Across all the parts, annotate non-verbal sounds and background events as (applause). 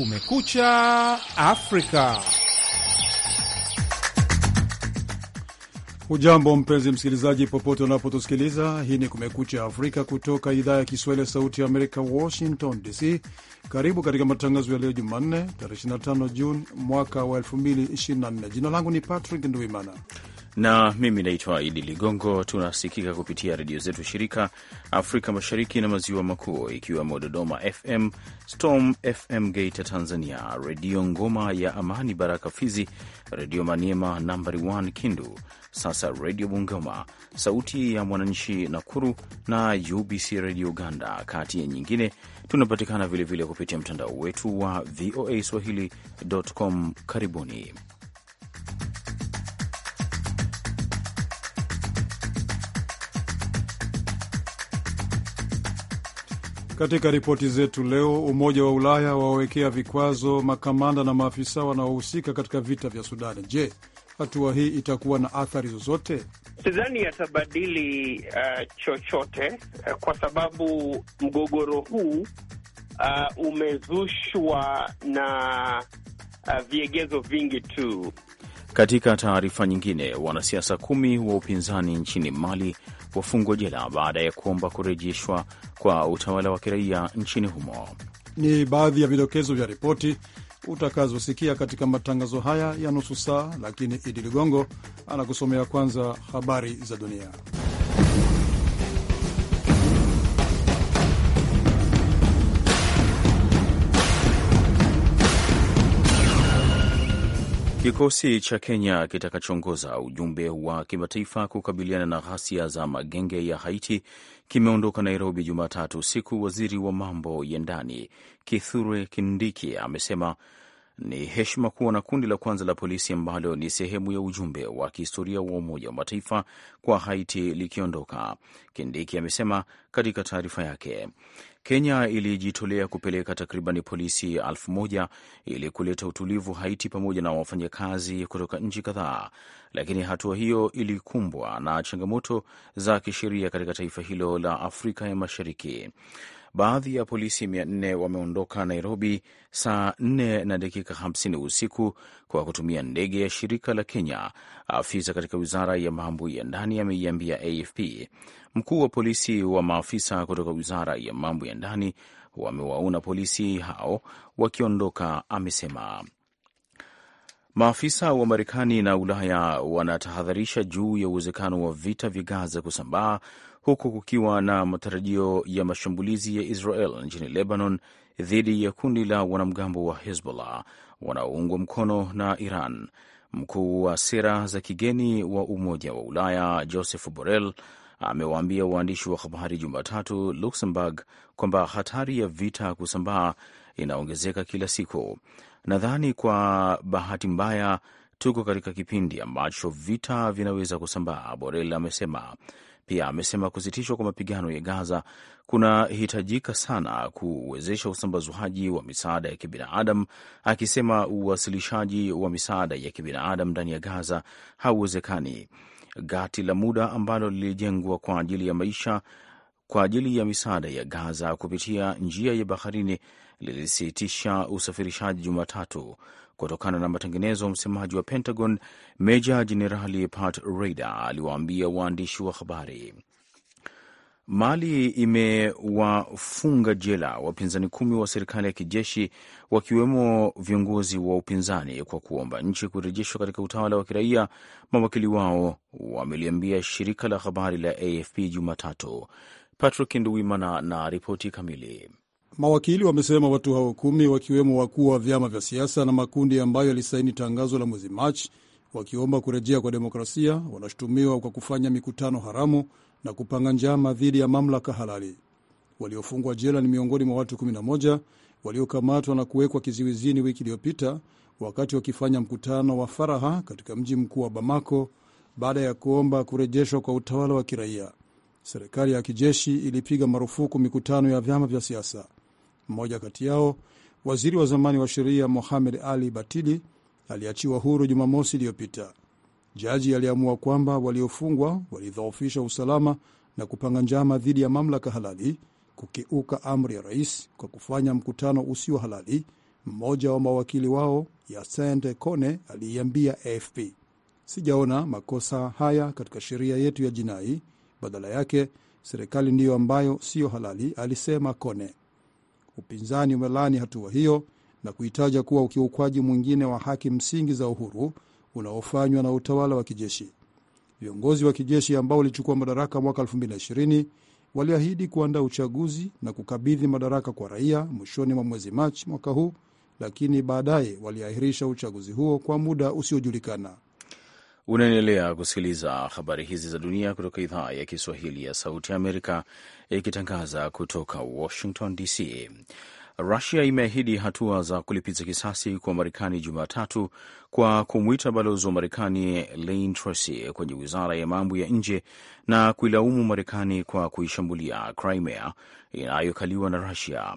Kumekucha Afrika. Ujambo mpenzi msikilizaji, popote unapotusikiliza. Hii ni Kumekucha Afrika kutoka idhaa ya Kiswahili ya Sauti ya Amerika, Washington DC. Karibu katika matangazo ya leo Jumanne, tarehe 25 Juni mwaka wa 2024. Jina langu ni Patrick nduimana na mimi naitwa Idi Ligongo. Tunasikika kupitia redio zetu shirika Afrika Mashariki na Maziwa Makuu, ikiwemo Dodoma FM, Storm FM Gate Tanzania, Redio Ngoma ya Amani Baraka Fizi, Redio Maniema nambari 1 Kindu, sasa Redio Bungoma, Sauti ya Mwananchi Nakuru na UBC Redio Uganda, kati ya nyingine. Tunapatikana vilevile kupitia mtandao wetu wa VOA Swahili.com. Karibuni. Katika ripoti zetu leo, Umoja wa Ulaya wawawekea vikwazo makamanda na maafisa wanaohusika katika vita vya Sudani. Je, hatua hii itakuwa na athari zozote? Sidhani yatabadili uh, chochote uh, kwa sababu mgogoro huu uh, umezushwa na uh, viegezo vingi tu. Katika taarifa nyingine, wanasiasa kumi wa upinzani nchini Mali wafungwa jela baada ya kuomba kurejeshwa kwa utawala wa kiraia nchini humo. Ni baadhi ya vidokezo vya ripoti utakazosikia katika matangazo haya ya nusu saa, lakini Idi Ligongo anakusomea kwanza habari za dunia. Kikosi cha Kenya kitakachoongoza ujumbe wa kimataifa kukabiliana na ghasia za magenge ya Haiti kimeondoka Nairobi Jumatatu usiku. Waziri wa mambo ya ndani Kithure Kindiki amesema ni heshima kuwa na kundi la kwanza la polisi ambalo ni sehemu ya ujumbe wa kihistoria wa Umoja wa Mataifa kwa Haiti likiondoka. Kindiki amesema katika taarifa yake, Kenya ilijitolea kupeleka takriban polisi elfu moja ili kuleta utulivu Haiti, pamoja na wafanyakazi kutoka nchi kadhaa, lakini hatua hiyo ilikumbwa na changamoto za kisheria katika taifa hilo la Afrika ya Mashariki. Baadhi ya polisi mia nne wameondoka Nairobi saa 4 na dakika 50 usiku kwa kutumia ndege ya shirika la Kenya. Afisa katika wizara ya mambo ya ndani ameiambia AFP mkuu wa polisi wa maafisa kutoka wizara ya mambo ya ndani wamewaona polisi hao wakiondoka, amesema. Maafisa wa Marekani na Ulaya wanatahadharisha juu ya uwezekano wa vita vya Gaza kusambaa huku kukiwa na matarajio ya mashambulizi ya Israel nchini Lebanon dhidi ya kundi la wanamgambo wa Hezbollah wanaoungwa mkono na Iran. Mkuu wa sera za kigeni wa Umoja wa Ulaya Joseph Borrell amewaambia waandishi wa habari Jumatatu Luxembourg kwamba hatari ya vita kusambaa inaongezeka kila siku. Nadhani kwa bahati mbaya tuko katika kipindi ambacho vita vinaweza kusambaa, Borel amesema. Pia amesema kusitishwa kwa mapigano ya Gaza kunahitajika sana kuwezesha usambazwaji wa misaada ya kibinadamu, akisema uwasilishaji wa misaada ya kibinadamu ndani ya Gaza hauwezekani. Gati la muda ambalo lilijengwa kwa ajili ya maisha kwa ajili ya misaada ya Gaza kupitia njia ya baharini lilisitisha usafirishaji Jumatatu kutokana na matengenezo. Msemaji wa Pentagon Meja Jenerali Pat reida aliwaambia waandishi wa habari. Mali imewafunga jela wapinzani kumi wa serikali ya kijeshi wakiwemo viongozi wa upinzani kwa kuomba nchi kurejeshwa katika utawala wa kiraia, mawakili wao wameliambia shirika la habari la AFP Jumatatu. Patrick Nduwimana na ripoti kamili. Mawakili wamesema watu hao kumi wakiwemo wakuu wa vyama vya siasa na makundi ambayo yalisaini tangazo la mwezi Machi wakiomba kurejea kwa demokrasia wanashutumiwa kwa kufanya mikutano haramu na kupanga njama dhidi ya mamlaka halali. Waliofungwa jela ni miongoni mwa watu 11 waliokamatwa na kuwekwa kizuizini wiki iliyopita wakati wakifanya mkutano wa faraha katika mji mkuu wa Bamako baada ya kuomba kurejeshwa kwa utawala wa kiraia. Serikali ya kijeshi ilipiga marufuku mikutano ya vyama vya siasa. Mmoja kati yao, waziri wa zamani wa sheria Mohamed Ali Batili, aliachiwa huru Jumamosi iliyopita. Jaji aliamua kwamba waliofungwa walidhoofisha usalama na kupanga njama dhidi ya mamlaka halali, kukiuka amri ya rais kwa kufanya mkutano usio halali, mmoja wa mawakili wao Yasente Kone aliiambia AFP. Sijaona makosa haya katika sheria yetu ya jinai badala yake serikali ndiyo ambayo siyo halali, alisema Kone. Upinzani umelaani hatua hiyo na kuhitaja kuwa ukiukwaji mwingine wa haki msingi za uhuru unaofanywa na utawala wa kijeshi. Viongozi wa kijeshi ambao walichukua madaraka mwaka 220 waliahidi kuandaa uchaguzi na kukabidhi madaraka kwa raia mwishoni mwa mwezi Machi mwaka huu, lakini baadaye waliahirisha uchaguzi huo kwa muda usiojulikana. Unaendelea kusikiliza habari hizi za dunia kutoka idhaa ya Kiswahili ya Sauti ya Amerika, ikitangaza kutoka Washington DC. Rusia imeahidi hatua za kulipiza kisasi kwa Marekani Jumatatu kwa kumwita balozi wa Marekani Lane Tracy kwenye wizara ya mambo ya nje na kuilaumu Marekani kwa kuishambulia Crimea inayokaliwa na Rusia.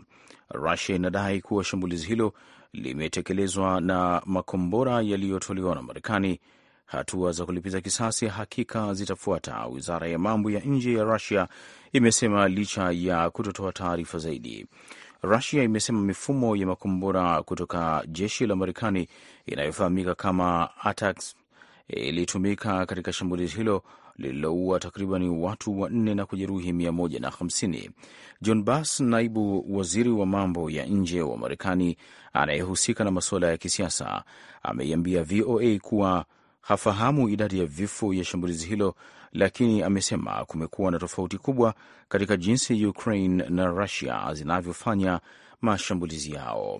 Rusia inadai kuwa shambulizi hilo limetekelezwa na makombora yaliyotolewa na Marekani Hatua za kulipiza kisasi hakika zitafuata, wizara ya mambo ya nje ya Rusia imesema licha ya kutotoa taarifa zaidi. Rusia imesema mifumo ya makombora kutoka jeshi la Marekani inayofahamika kama ATACMS ilitumika katika shambulizi hilo lililoua takriban watu wanne na kujeruhi 150. John Bass, naibu waziri wa mambo ya nje wa Marekani anayehusika na masuala ya kisiasa, ameiambia VOA kuwa hafahamu idadi ya vifo ya shambulizi hilo, lakini amesema kumekuwa na tofauti kubwa katika jinsi Ukraine na Russia zinavyofanya mashambulizi yao.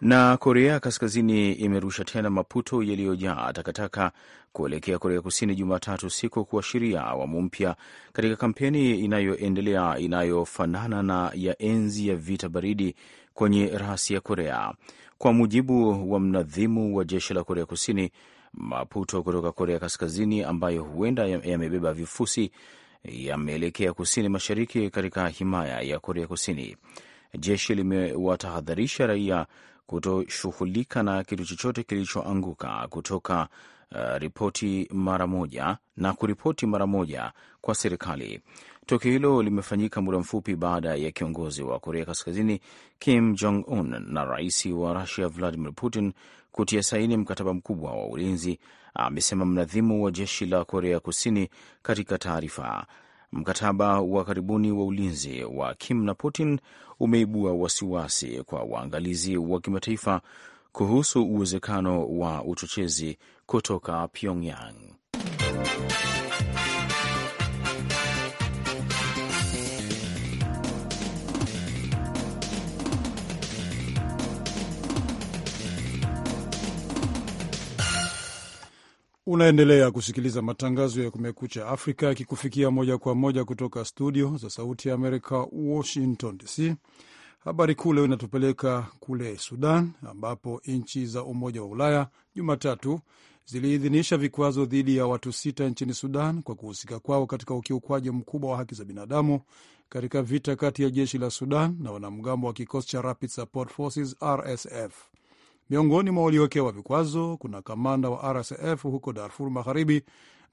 Na Korea Kaskazini imerusha tena maputo yaliyojaa takataka kuelekea Korea Kusini Jumatatu siku kuashiria awamu mpya katika kampeni inayoendelea inayofanana na ya enzi ya vita baridi kwenye rasi ya Korea. Kwa mujibu wa mnadhimu wa jeshi la Korea Kusini, maputo kutoka Korea Kaskazini ambayo huenda yamebeba vifusi yameelekea kusini mashariki katika himaya ya Korea Kusini. Jeshi limewatahadharisha raia kutoshughulika na kitu chochote kilichoanguka kutoka Uh, ripoti mara moja na kuripoti mara moja kwa serikali. Tukio hilo limefanyika muda mfupi baada ya kiongozi wa Korea Kaskazini Kim Jong Un na rais wa Rusia Vladimir Putin kutia saini mkataba mkubwa wa ulinzi, amesema mnadhimu wa jeshi la Korea Kusini katika taarifa. Mkataba wa karibuni wa ulinzi wa Kim na Putin umeibua wasiwasi kwa waangalizi wa kimataifa kuhusu uwezekano wa uchochezi kutoka Pyongyang. Unaendelea kusikiliza matangazo ya Kumekucha Afrika yakikufikia moja kwa moja kutoka studio za Sauti ya Amerika, Washington DC. Habari kuu leo inatupeleka kule Sudan, ambapo nchi za Umoja wa Ulaya Jumatatu ziliidhinisha vikwazo dhidi ya watu sita nchini Sudan kwa kuhusika kwao katika ukiukwaji mkubwa wa haki za binadamu katika vita kati ya jeshi la Sudan na wanamgambo wa kikosi cha Rapid Support Forces, RSF. Miongoni mwa waliowekewa vikwazo kuna kamanda wa RSF huko Darfur Magharibi,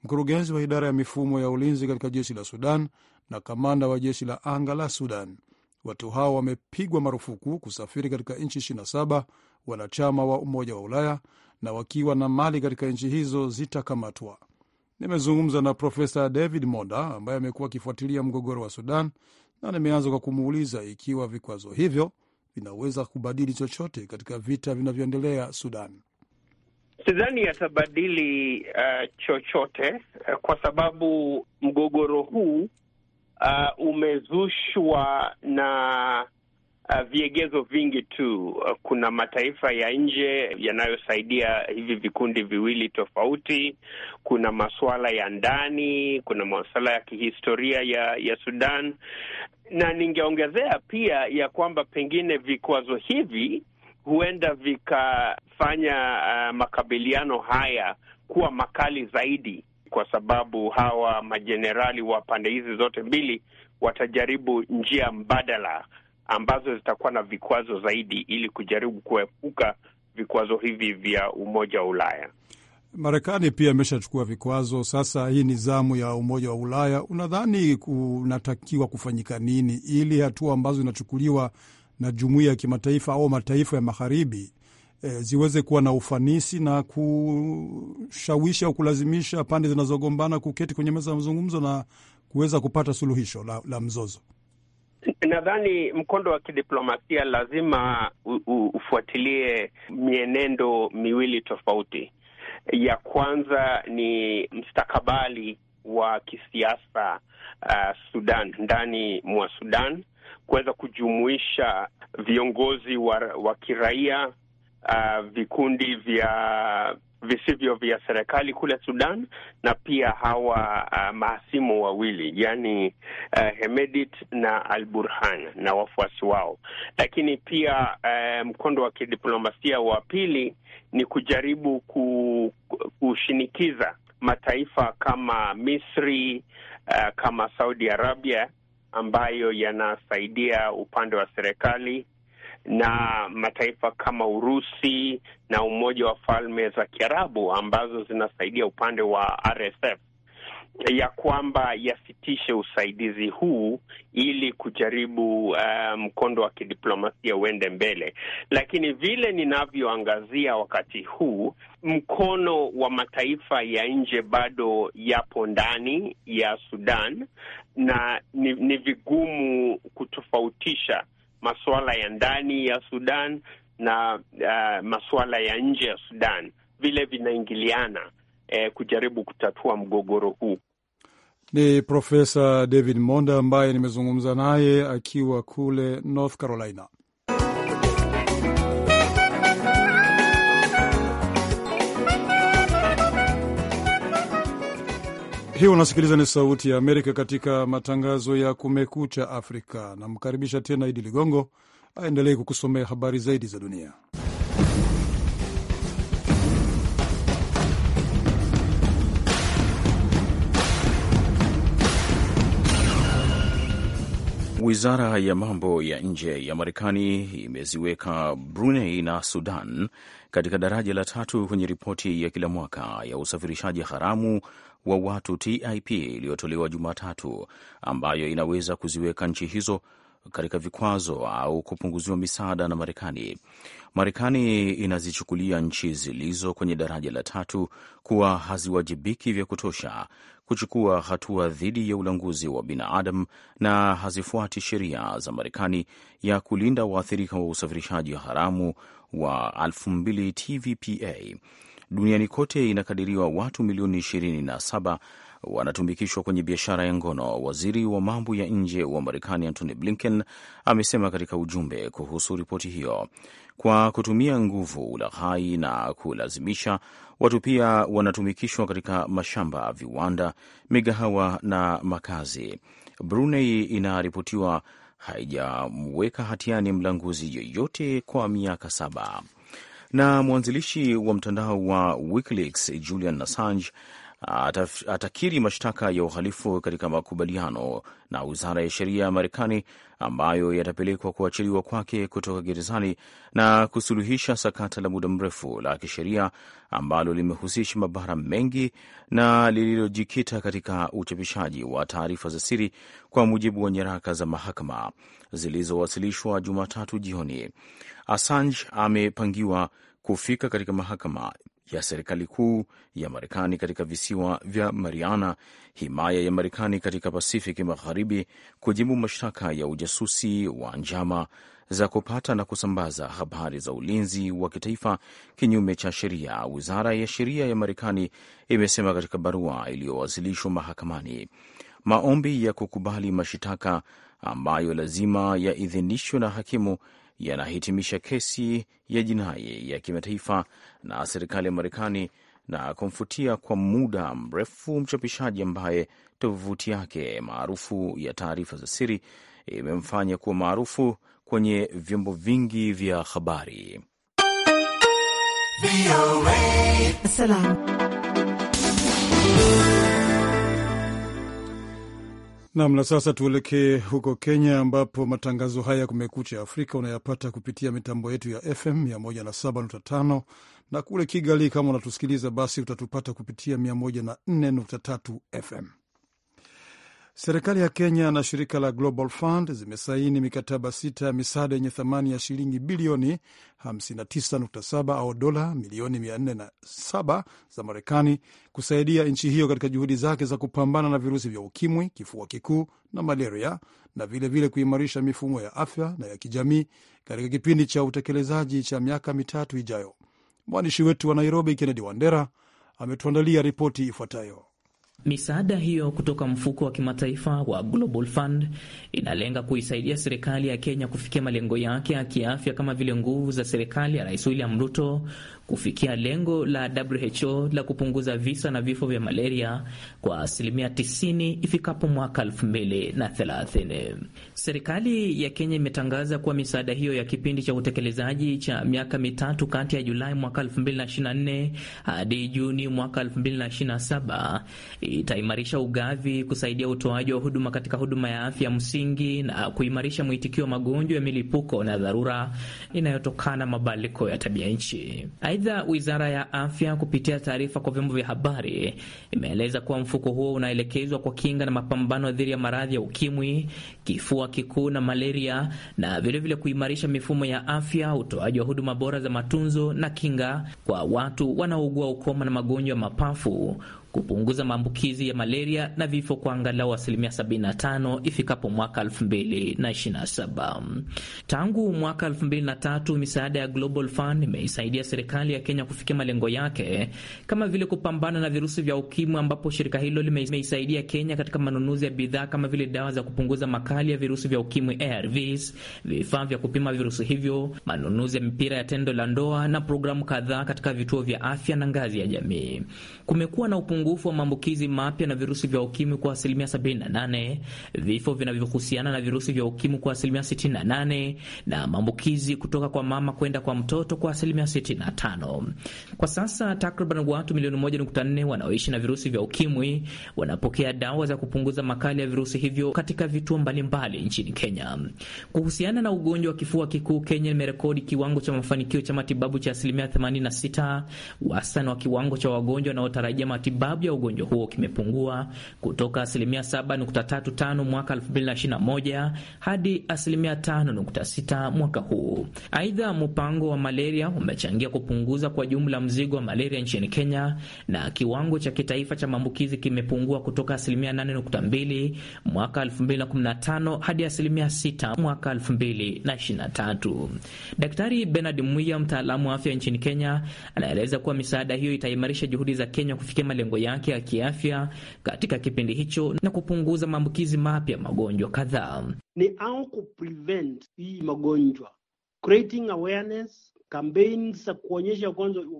mkurugenzi wa idara ya mifumo ya ulinzi katika jeshi la Sudan na kamanda wa jeshi la anga la Sudan. Watu hao wamepigwa marufuku kusafiri katika nchi 27 wanachama wa Umoja wa Ulaya na wakiwa na mali katika nchi hizo zitakamatwa. Nimezungumza na Profesa David Monda ambaye amekuwa akifuatilia mgogoro wa Sudan na nimeanza kwa kumuuliza ikiwa vikwazo hivyo vinaweza kubadili chochote katika vita vinavyoendelea Sudan. Sidhani yatabadili uh, chochote uh, kwa sababu mgogoro huu uh, umezushwa na Uh, viegezo vingi tu. Uh, kuna mataifa ya nje yanayosaidia hivi vikundi viwili tofauti. Kuna masuala ya ndani, kuna masuala ya kihistoria ya, ya Sudan, na ningeongezea pia ya kwamba pengine vikwazo hivi huenda vikafanya uh, makabiliano haya kuwa makali zaidi, kwa sababu hawa majenerali wa pande hizi zote mbili watajaribu njia mbadala ambazo zitakuwa na vikwazo zaidi ili kujaribu kuepuka vikwazo hivi vya Umoja wa Ulaya. Marekani pia imeshachukua vikwazo. Sasa hii ni zamu ya Umoja wa Ulaya. Unadhani kunatakiwa kufanyika nini ili hatua ambazo zinachukuliwa na jumuiya ya kimataifa au mataifa ya magharibi e, ziweze kuwa na ufanisi na kushawishi au kulazimisha pande zinazogombana kuketi kwenye meza ya mazungumzo na kuweza kupata suluhisho la, la mzozo? Nadhani mkondo wa kidiplomasia lazima u, u, ufuatilie mienendo miwili tofauti. Ya kwanza ni mstakabali wa kisiasa uh, Sudan, ndani mwa Sudan kuweza kujumuisha viongozi wa, wa kiraia uh, vikundi vya visivyo vya serikali kule Sudan na pia hawa uh, mahasimu wawili yani uh, Hemedit na Al Burhan na wafuasi wao, lakini pia uh, mkondo wa kidiplomasia wa pili ni kujaribu kushinikiza mataifa kama Misri uh, kama Saudi Arabia ambayo yanasaidia upande wa serikali na mataifa kama Urusi na Umoja wa Falme za Kiarabu ambazo zinasaidia upande wa RSF ya kwamba yasitishe usaidizi huu ili kujaribu eh, mkondo um, wa kidiplomasia uende mbele. Lakini vile ninavyoangazia wakati huu, mkono wa mataifa ya nje bado yapo ndani ya Sudan na ni, ni vigumu kutofautisha masuala ya ndani ya Sudan na uh, masuala ya nje ya Sudan vile vinaingiliana eh, kujaribu kutatua mgogoro huu. Ni Profesa David Monda ambaye nimezungumza naye akiwa kule North Carolina. Hii unasikiliza ni Sauti ya Amerika katika matangazo ya Kumekucha Afrika. Namkaribisha tena Idi Ligongo aendelee kukusomea habari zaidi za dunia. Wizara ya mambo ya nje ya Marekani imeziweka Brunei na Sudan katika daraja la tatu kwenye ripoti ya kila mwaka ya usafirishaji haramu wa watu TIP iliyotolewa Jumatatu, ambayo inaweza kuziweka nchi hizo katika vikwazo au kupunguziwa misaada na Marekani. Marekani inazichukulia nchi zilizo kwenye daraja la tatu kuwa haziwajibiki vya kutosha kuchukua hatua dhidi ya ulanguzi wa binadamu na hazifuati sheria za Marekani ya kulinda waathirika wa usafirishaji haramu wa 2 TVPA. Duniani kote inakadiriwa watu milioni 27 wanatumikishwa kwenye biashara ya ngono. Waziri wa mambo ya nje wa Marekani Antony Blinken amesema katika ujumbe kuhusu ripoti hiyo, kwa kutumia nguvu, ulaghai na kulazimisha watu pia wanatumikishwa katika mashamba, viwanda, migahawa na makazi. Brunei inaripotiwa haijamweka hatiani mlanguzi yoyote kwa miaka saba. Na mwanzilishi wa mtandao wa WikiLeaks Julian Assange atakiri mashtaka ya uhalifu katika makubaliano na wizara ya sheria ya Marekani ambayo yatapelekwa kuachiliwa kwake kutoka gerezani na kusuluhisha sakata la muda mrefu la kisheria ambalo limehusisha mabara mengi na lililojikita katika uchapishaji wa taarifa za siri, kwa mujibu wa nyaraka za mahakama zilizowasilishwa Jumatatu jioni. Assange amepangiwa kufika katika mahakama ya serikali kuu ya Marekani katika visiwa vya Mariana, himaya ya Marekani katika Pasifiki Magharibi, kujibu mashtaka ya ujasusi wa njama za kupata na kusambaza habari za ulinzi wa kitaifa kinyume cha sheria, wizara ya sheria ya Marekani imesema katika barua iliyowasilishwa mahakamani. Maombi ya kukubali mashitaka ambayo lazima yaidhinishwe na hakimu yanahitimisha kesi ya jinai ya kimataifa na serikali ya Marekani na kumfutia kwa muda mrefu mchapishaji ambaye tovuti yake maarufu ya taarifa za siri imemfanya kuwa maarufu kwenye vyombo vingi vya habari. Salam. Nam, na sasa tuelekee huko Kenya, ambapo matangazo haya Kumekucha Afrika unayapata kupitia mitambo yetu ya FM 107.5 na kule Kigali, kama unatusikiliza basi utatupata kupitia 104.3 FM. Serikali ya Kenya na shirika la Global Fund zimesaini mikataba sita ya misaada yenye thamani ya shilingi bilioni 59.7 au dola milioni 407 za Marekani kusaidia nchi hiyo katika juhudi zake za kupambana na virusi vya ukimwi, kifua kikuu na malaria na vilevile vile kuimarisha mifumo ya afya na ya kijamii katika kipindi cha utekelezaji cha miaka mitatu ijayo. Mwandishi wetu wa Nairobi, Kennedy Wandera, ametuandalia ripoti ifuatayo. Misaada hiyo kutoka mfuko wa kimataifa wa Global Fund inalenga kuisaidia serikali ya Kenya kufikia malengo yake ya kiafya kama vile nguvu za serikali ya Rais William Ruto kufikia lengo la WHO la kupunguza visa na vifo vya malaria kwa asilimia 90 ifikapo mwaka 2030. Serikali ya Kenya imetangaza kuwa misaada hiyo ya kipindi cha utekelezaji cha miaka mitatu kati ya Julai mwaka 2024 hadi Juni mwaka 2027 itaimarisha ugavi, kusaidia utoaji wa huduma katika huduma ya afya msingi na kuimarisha mwitikio wa magonjwa ya milipuko na dharura inayotokana mabadiliko ya tabia nchi. Aidha, wizara ya afya kupitia taarifa kwa vyombo vya habari imeeleza kuwa mfuko huo unaelekezwa kwa kinga na mapambano dhidi ya maradhi ya ukimwi, kifua kikuu na malaria, na vilevile kuimarisha mifumo ya afya, utoaji wa huduma bora za matunzo na kinga kwa watu wanaougua ukoma na magonjwa ya mapafu kupunguza maambukizi ya malaria na vifo kwa angalau asilimia 75 ifikapo mwaka 2027. Tangu mwaka 2003 misaada ya Global Fund imeisaidia serikali ya Kenya kufikia malengo yake kama vile kupambana na virusi vya ukimwi, ambapo shirika hilo limeisaidia Kenya katika manunuzi ya bidhaa kama vile dawa za kupunguza makali ya virusi vya ukimwi ARVs, vifaa vya kupima virusi hivyo, manunuzi ya mipira ya tendo la ndoa na programu kadhaa katika vituo vya afya na ngazi ya jamii. Kumekuwa na upungu upungufu wa maambukizi mapya na virusi vya ukimwi kwa asilimia 78, vifo vinavyohusiana na virusi vya ukimwi kwa asilimia 68, na maambukizi kutoka kwa mama kwenda kwa mtoto kwa asilimia 65. Kwa sasa takriban watu milioni 1.4 wanaoishi na virusi vya ukimwi wanapokea dawa za kupunguza makali ya virusi hivyo katika vituo mbalimbali nchini Kenya. Kuhusiana na ugonjwa wa kifua kikuu, Kenya imerekodi kiwango cha mafanikio cha matibabu cha asilimia 86, wastani wa kiwango cha wagonjwa wanaotarajia matibabu matibabu ya ugonjwa huo kimepungua kutoka asilimia 7.35 mwaka 2021 hadi asilimia 5.6 mwaka huu. Aidha, mpango wa malaria umechangia kupunguza kwa jumla mzigo wa malaria nchini Kenya, na kiwango cha kitaifa cha maambukizi kimepungua kutoka asilimia 8.2 mwaka 2015 hadi asilimia 6 mwaka 2023. Daktari Bernard Muya, mtaalamu wa afya nchini Kenya, anaeleza kuwa misaada hiyo itaimarisha juhudi za Kenya kufikia malengo yake ya kiafya katika kipindi hicho na kupunguza maambukizi mapya magonjwa kadhaa. Ni au kuprevent hii magonjwa, creating awareness kampeni za kuonyesha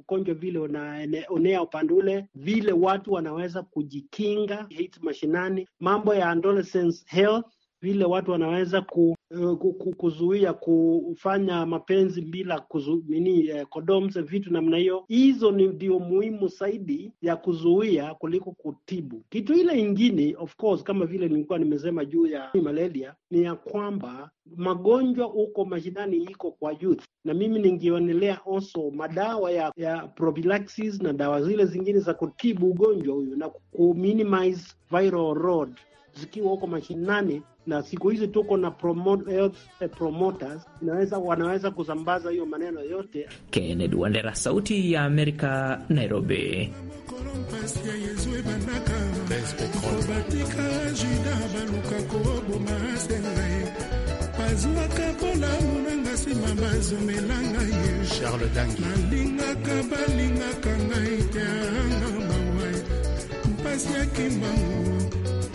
ugonjwa vile unaenea upande ule, vile watu wanaweza kujikinga, mashinani, mambo ya adolescent health vile watu wanaweza eh, ku, ku, kuzuia kufanya mapenzi bila kuzu, eh, condoms vitu namna hiyo, hizo ni ndio muhimu zaidi ya kuzuia kuliko kutibu. Kitu ile ingine of course, kama vile nilikuwa nimesema juu ya malaria ni ya kwamba magonjwa huko mashinani iko kwa youth, na mimi ningionelea also madawa ya, ya prophylaxis na dawa zile zingine za kutibu ugonjwa huyu na ku viral load zikiwa huko mashinani, na siku hizi tuko na promote, health eh, promoters inaweza, wanaweza kusambaza hiyo maneno yote. Kennedy Wandera, Sauti ya Amerika, Nairobi.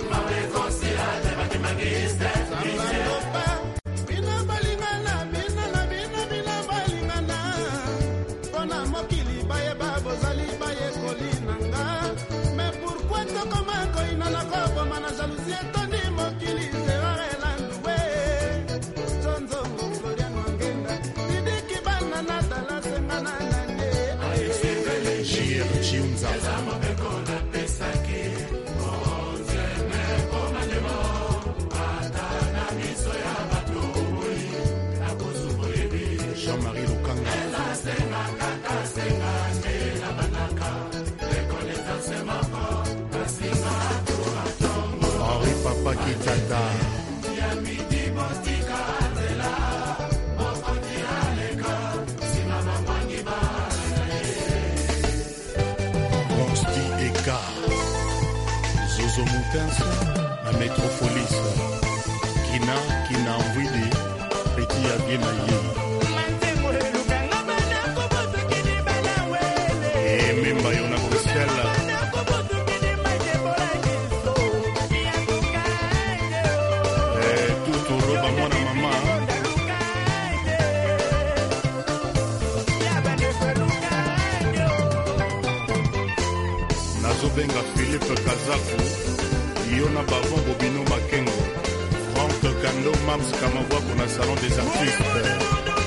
Mame considerate ma che manchiste tobenga philipe kazaku yo na bavongo bino makengo frank kando mams kamavwako na salon des artistes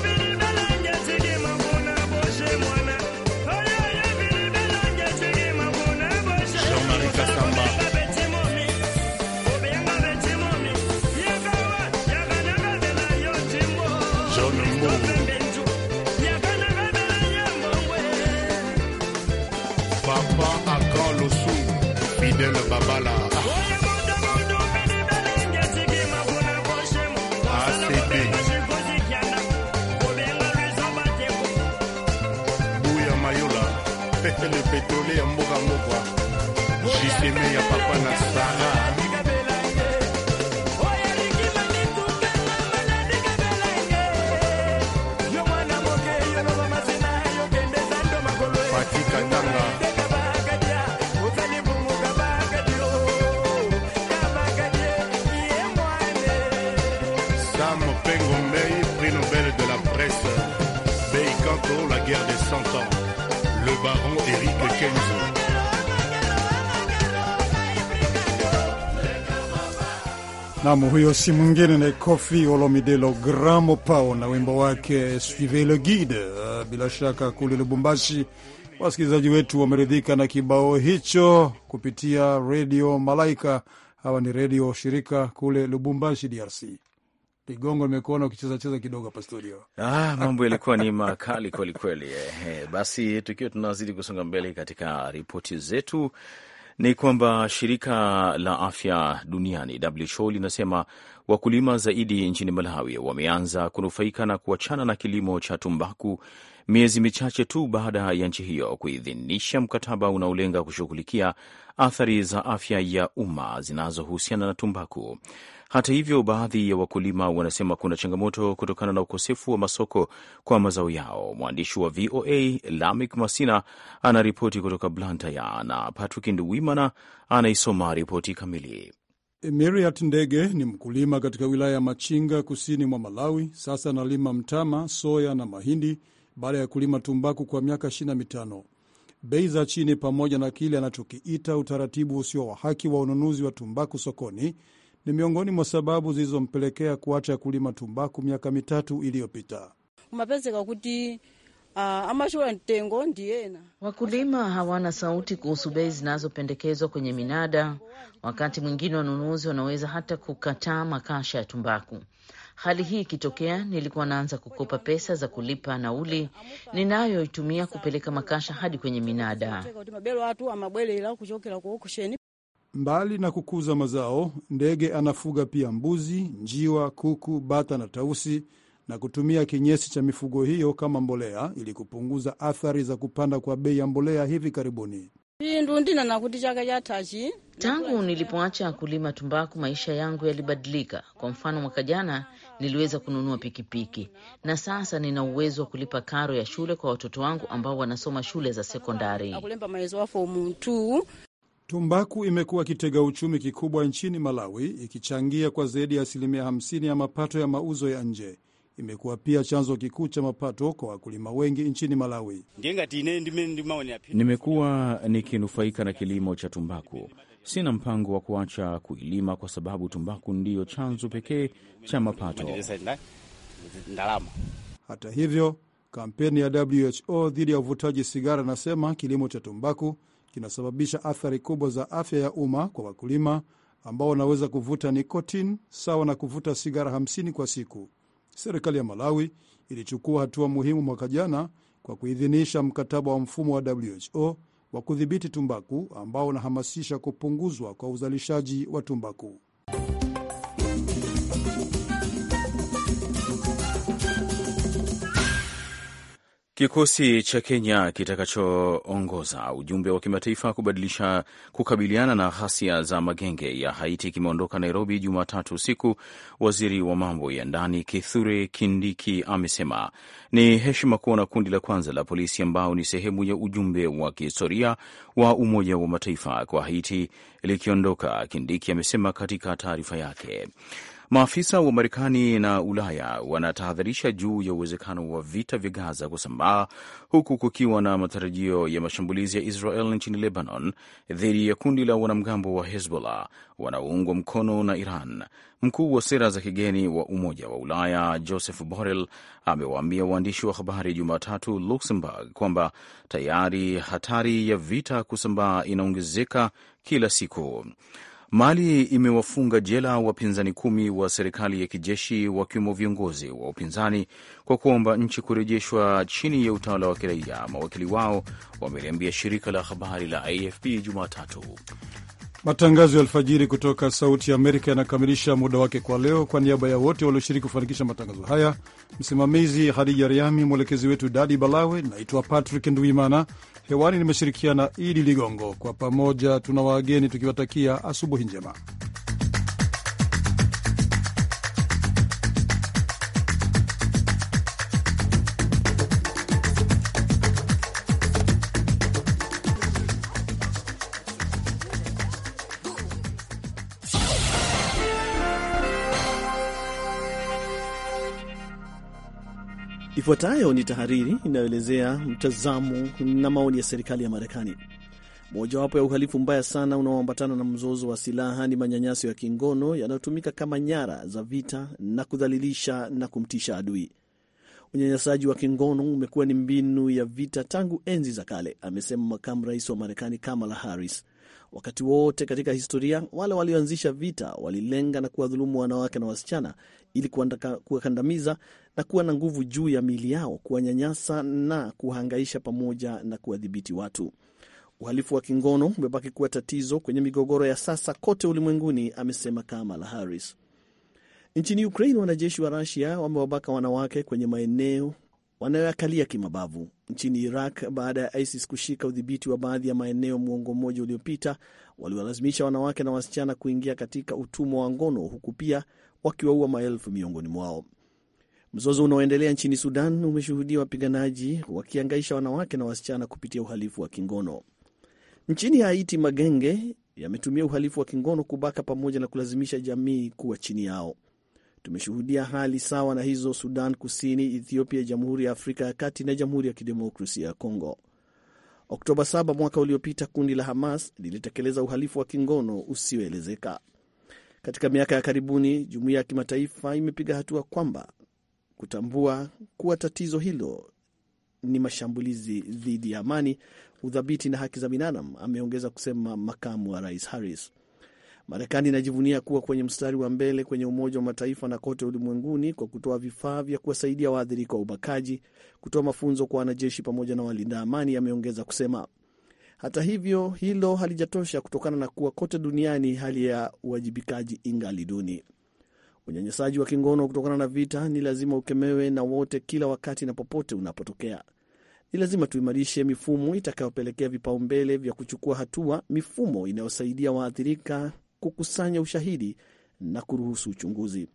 Fidèle Babala. ACB. Bouya Mayola. Le pétrolier Mboka Mboka. Jiseme ya papa na Sarah. guerre des Cent Ans, le baron Eric Kenzo. Nam, huyo si mwingine ni Kofi Olomide Gramo Pao na wimbo wake Suive le Guide. Ah, bila shaka kule Lubumbashi wasikilizaji wetu wameridhika na kibao hicho kupitia redio Malaika. Hawa ni redio shirika kule Lubumbashi, DRC. Ligongo, nimekuona ukicheza cheza kidogo hapa studio. Ah, (laughs) mambo yalikuwa ni makali kwelikweli. Eh, basi tukiwa tunazidi kusonga mbele katika ripoti zetu ni kwamba shirika la afya duniani WHO linasema wakulima zaidi nchini Malawi wameanza kunufaika na kuachana na kilimo cha tumbaku miezi michache tu baada ya nchi hiyo kuidhinisha mkataba unaolenga kushughulikia athari za afya ya umma zinazohusiana na tumbaku. Hata hivyo, baadhi ya wakulima wanasema kuna changamoto kutokana na ukosefu wa masoko kwa mazao yao. Mwandishi wa VOA Lamik Masina anaripoti kutoka Blantaya na Patrick Nduwimana anaisoma ripoti kamili. Miriat Ndege ni mkulima katika wilaya ya Machinga, kusini mwa Malawi. Sasa analima mtama, soya na mahindi baada ya kulima tumbaku kwa miaka ishirini mitano. Bei za chini pamoja na kile anachokiita utaratibu usio wa haki wa ununuzi wa tumbaku sokoni ni miongoni mwa sababu zilizompelekea kuacha kulima tumbaku miaka mitatu iliyopita. Ah, Wakulima hawana sauti kuhusu bei zinazopendekezwa kwenye minada. Wakati mwingine wanunuzi wanaweza hata kukataa makasha ya tumbaku. Hali hii ikitokea, nilikuwa naanza kukopa pesa za kulipa nauli ninayoitumia kupeleka makasha hadi kwenye minada. Mbali na kukuza mazao, ndege anafuga pia mbuzi, njiwa, kuku, bata na tausi na kutumia kinyesi cha mifugo hiyo kama mbolea ili kupunguza athari za kupanda kwa bei ya mbolea hivi karibuni. Tangu nilipoacha kulima tumbaku, maisha yangu yalibadilika. Kwa mfano, mwaka jana niliweza kununua pikipiki na sasa nina uwezo wa kulipa karo ya shule kwa watoto wangu ambao wanasoma shule za sekondari. Tumbaku imekuwa kitega uchumi kikubwa nchini Malawi, ikichangia kwa zaidi ya asilimia 50 ya mapato ya mauzo ya nje. Imekuwa pia chanzo kikuu cha mapato kwa wakulima wengi nchini Malawi. Nimekuwa nikinufaika na kilimo cha tumbaku. Sina mpango wa kuacha kuilima kwa sababu tumbaku ndiyo chanzo pekee cha mapato. Hata hivyo, kampeni ya WHO dhidi ya uvutaji sigara nasema kilimo cha tumbaku kinasababisha athari kubwa za afya ya umma kwa wakulima ambao wanaweza kuvuta nikotin sawa na kuvuta sigara 50 kwa siku. Serikali ya Malawi ilichukua hatua muhimu mwaka jana kwa kuidhinisha mkataba wa mfumo wa WHO wa kudhibiti tumbaku ambao unahamasisha kupunguzwa kwa uzalishaji wa tumbaku. Kikosi cha Kenya kitakachoongoza ujumbe wa kimataifa kubadilisha kukabiliana na ghasia za magenge ya Haiti kimeondoka Nairobi Jumatatu usiku. Waziri wa mambo ya ndani Kithure Kindiki amesema ni heshima kuona kundi la kwanza la polisi ambao ni sehemu ya ujumbe wa kihistoria wa Umoja wa Mataifa kwa Haiti likiondoka. Kindiki amesema katika taarifa yake Maafisa wa Marekani na Ulaya wanatahadharisha juu ya uwezekano wa vita vya Gaza kusambaa huku kukiwa na matarajio ya mashambulizi ya Israel nchini Lebanon dhidi ya kundi la wanamgambo wa Hezbollah wanaoungwa mkono na Iran. Mkuu wa sera za kigeni wa Umoja wa Ulaya Joseph Borrell amewaambia waandishi wa habari Jumatatu Luxembourg kwamba tayari hatari ya vita kusambaa inaongezeka kila siku. Mali imewafunga jela wapinzani kumi wa serikali ya kijeshi wakiwemo viongozi wa upinzani kwa kuomba nchi kurejeshwa chini ya utawala wa kiraia, mawakili wao wameliambia shirika la habari la AFP Jumatatu. Matangazo ya alfajiri kutoka Sauti ya Amerika yanakamilisha muda wake kwa leo. Kwa niaba ya wote walioshiriki kufanikisha matangazo haya, msimamizi Hadija Riami, mwelekezi wetu Dadi Balawe, naitwa Patrick Nduimana. Hewani nimeshirikiana Idi Ligongo. Kwa pamoja tuna wageni tukiwatakia asubuhi njema. Ifuatayo ni tahariri inayoelezea mtazamo na maoni ya serikali ya Marekani. Mojawapo ya uhalifu mbaya sana unaoambatana na mzozo wa silaha ni manyanyaso ya kingono yanayotumika kama nyara za vita na kudhalilisha na kumtisha adui. Unyanyasaji wa kingono umekuwa ni mbinu ya vita tangu enzi za kale, amesema makamu rais wa Marekani Kamala Harris. Wakati wote katika historia, wale walioanzisha vita walilenga na kuwadhulumu wanawake na wasichana ili kuwakandamiza na kuwa na nguvu juu ya miili yao, kuwanyanyasa na kuwahangaisha, pamoja na kuwadhibiti watu. Uhalifu wa kingono umebaki kuwa tatizo kwenye migogoro ya sasa kote ulimwenguni, amesema Kamala Harris. Nchini Ukraine, wanajeshi wa Rusia wamewabaka wanawake kwenye maeneo wanayoakalia kimabavu nchini Iraq baada ya ISIS kushika udhibiti wa baadhi ya maeneo mwongo mmoja uliopita, waliwalazimisha wanawake na wasichana kuingia katika utumwa wa ngono, huku pia wakiwaua maelfu miongoni mwao. Mzozo unaoendelea nchini Sudan umeshuhudia wapiganaji wakiangaisha wanawake na wasichana kupitia uhalifu wa kingono. Nchini Haiti, magenge yametumia uhalifu wa kingono kubaka pamoja na kulazimisha jamii kuwa chini yao. Tumeshuhudia hali sawa na hizo Sudan Kusini, Ethiopia, Jamhuri ya Afrika ya Kati na Jamhuri ya Kidemokrasia ya Kongo. Oktoba 7 mwaka uliopita, kundi la Hamas lilitekeleza uhalifu wa kingono usioelezeka. Katika miaka ya karibuni, jumuiya ya kimataifa imepiga hatua kwamba kutambua kuwa tatizo hilo ni mashambulizi dhidi ya amani, uthabiti na haki za binadamu, ameongeza kusema makamu wa rais Harris. Marekani inajivunia kuwa kwenye mstari wa mbele kwenye Umoja wa Mataifa na kote ulimwenguni kwa kutoa vifaa vya kuwasaidia waathirika wa ubakaji, kutoa mafunzo kwa wanajeshi pamoja na walinda amani, ameongeza kusema. Hata hivyo, hilo halijatosha kutokana na kuwa kote duniani hali ya uwajibikaji ingali duni. Unyanyasaji wa kingono kutokana na vita ni lazima ukemewe na wote, kila wakati na popote unapotokea. Ni lazima tuimarishe mifumo itakayopelekea vipaumbele vya kuchukua hatua, mifumo inayosaidia waathirika kukusanya ushahidi na kuruhusu uchunguzi.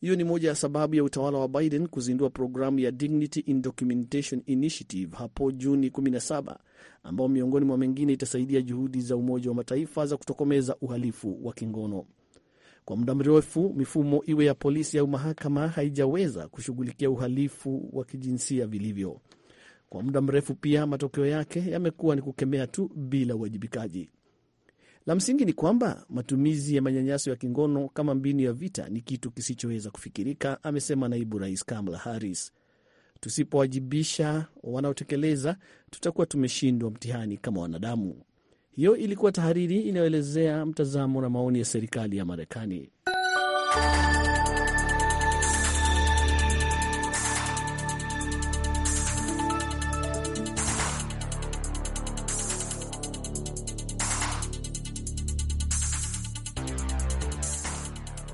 Hiyo ni moja ya sababu ya utawala wa Biden kuzindua programu ya Dignity in Documentation Initiative hapo Juni 17 ambao miongoni mwa mengine itasaidia juhudi za Umoja wa Mataifa za kutokomeza uhalifu wa kingono. Kwa muda mrefu mifumo iwe ya polisi au mahakama haijaweza kushughulikia uhalifu wa kijinsia vilivyo. Kwa muda mrefu pia matokeo yake yamekuwa ni kukemea tu bila uwajibikaji. La msingi ni kwamba matumizi ya manyanyaso ya kingono kama mbinu ya vita ni kitu kisichoweza kufikirika, amesema naibu rais Kamala Harris. Tusipowajibisha wanaotekeleza, tutakuwa tumeshindwa mtihani kama wanadamu. Hiyo ilikuwa tahariri inayoelezea mtazamo na maoni ya serikali ya Marekani.